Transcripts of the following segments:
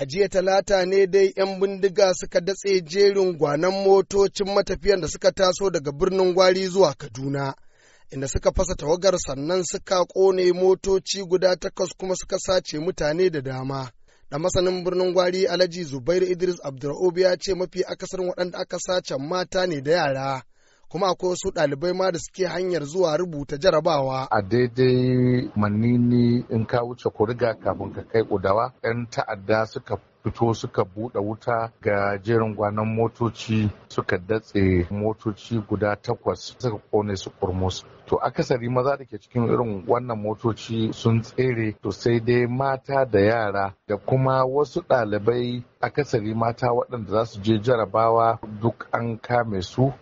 A jiya talata ne dai 'yan bindiga suka datse jerin gwanan motocin matafiyan da suka taso daga birnin gwari zuwa Kaduna, inda suka fasa tawagar sannan suka kone motoci guda takwas kuma suka sace mutane da dama. Da masanin birnin gwari Alhaji Zubairu Idris Abdur'ub ya ce mafi akasarin waɗanda aka sace mata ne da yara. kuma akwai wasu ɗalibai ma da suke hanyar zuwa rubuta jarabawa. A daidai manini in ka wuce kuriga kafin ka kai kudawa 'yan ta'adda suka fito suka buɗe wuta ga jerin gwanon motoci suka datse motoci guda takwas suka kone su kurmus to akasari maza da ke cikin irin wannan motoci sun tsere to sai dai mata da yara da kuma wasu ɗalibai akasari mata waɗanda za su je jarabawa duk an kame su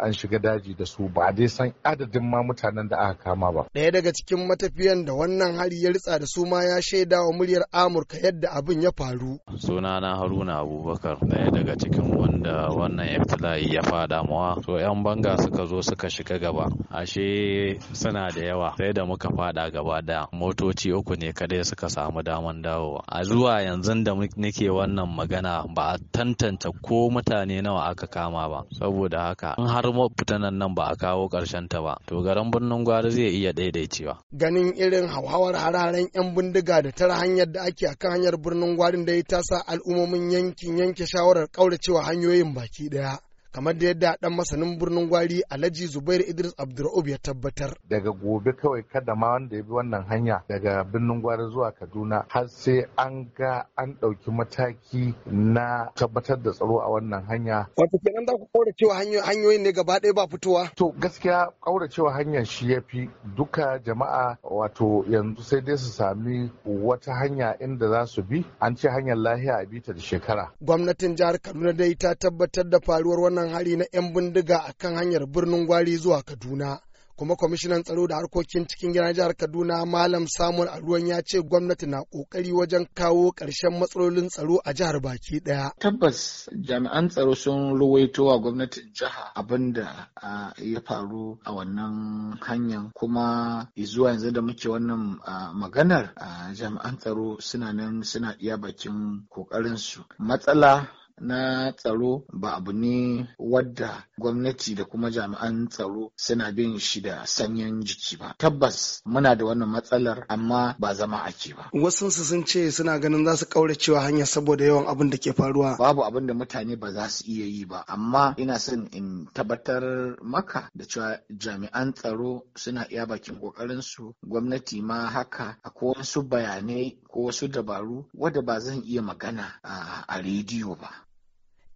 an shiga daji da su ba dai san adadin ma mutanen da aka kama ba. Ɗaya daga cikin matafiyan da wannan hari ya ritsa da su ma ya shaida wa muryar Amurka yadda abin ya faru. Suna na Haruna Abubakar ɗaya daga cikin wanda wannan iftila'i ya fada mawa. To 'yan banga suka zo suka shiga gaba. Ashe suna da yawa sai da muka fada gaba da motoci uku ne kadai suka samu daman dawowa. A zuwa yanzu da nake wannan magana ba a tantance ko mutane nawa aka kama ba saboda haka in har fitanan nan ba a kawo karshen ta ba to garin birnin gwari zai iya daidaicewa ganin irin hauhawar hararen yan bindiga da tara hanyar da ake akan hanyar birnin gwari da ya sa al'ummomin yankin yanke shawarar kauracewa hanyoyin baki daya kamar da yadda dan masanin birnin gwari alhaji zubair idris abdur'ub ya tabbatar daga gobe kawai kada ma wanda ya bi wannan hanya daga birnin gwari zuwa kaduna har sai an ga an ɗauki mataki na tabbatar da tsaro a wannan hanya wato kenan za ku kaura cewa hanyoyin ne gaba ɗaya ba fitowa to gaskiya kaura cewa hanyar shi ya fi duka jama'a wato yanzu sai dai su sami wata hanya inda za su bi an ce hanyar lahiya a bita da shekara gwamnatin jihar kaduna dai ta tabbatar da faruwar wannan wannan hari na 'yan bindiga a kan hanyar birnin gwari zuwa Kaduna. Kuma kwamishinan tsaro da harkokin cikin gidan jihar Kaduna Malam Samun Aruwan ya ce gwamnati na ƙoƙari wajen kawo ƙarshen matsalolin tsaro a jihar baki ɗaya. Tabbas jami'an tsaro sun ruwaito wa gwamnatin jiha abin da ya faru a wannan hanyar kuma zuwa yanzu da muke wannan maganar jami'an tsaro suna nan suna iya bakin su Matsala na tsaro ba abu ne wadda gwamnati da kuma jami'an tsaro suna bin shi da sanyin jiki ba. Tabbas muna da wannan matsalar amma ba zama ake ba. Wasu sun ce suna ganin za su cewa hanya saboda yawan abin da ke faruwa. Babu abin da mutane ba za su iya yi ba amma ina son in tabbatar maka da cewa jami'an tsaro suna iya bakin kokarin su gwamnati ma haka akwai wasu bayanai ko wasu dabaru wadda ba zan iya magana a rediyo ba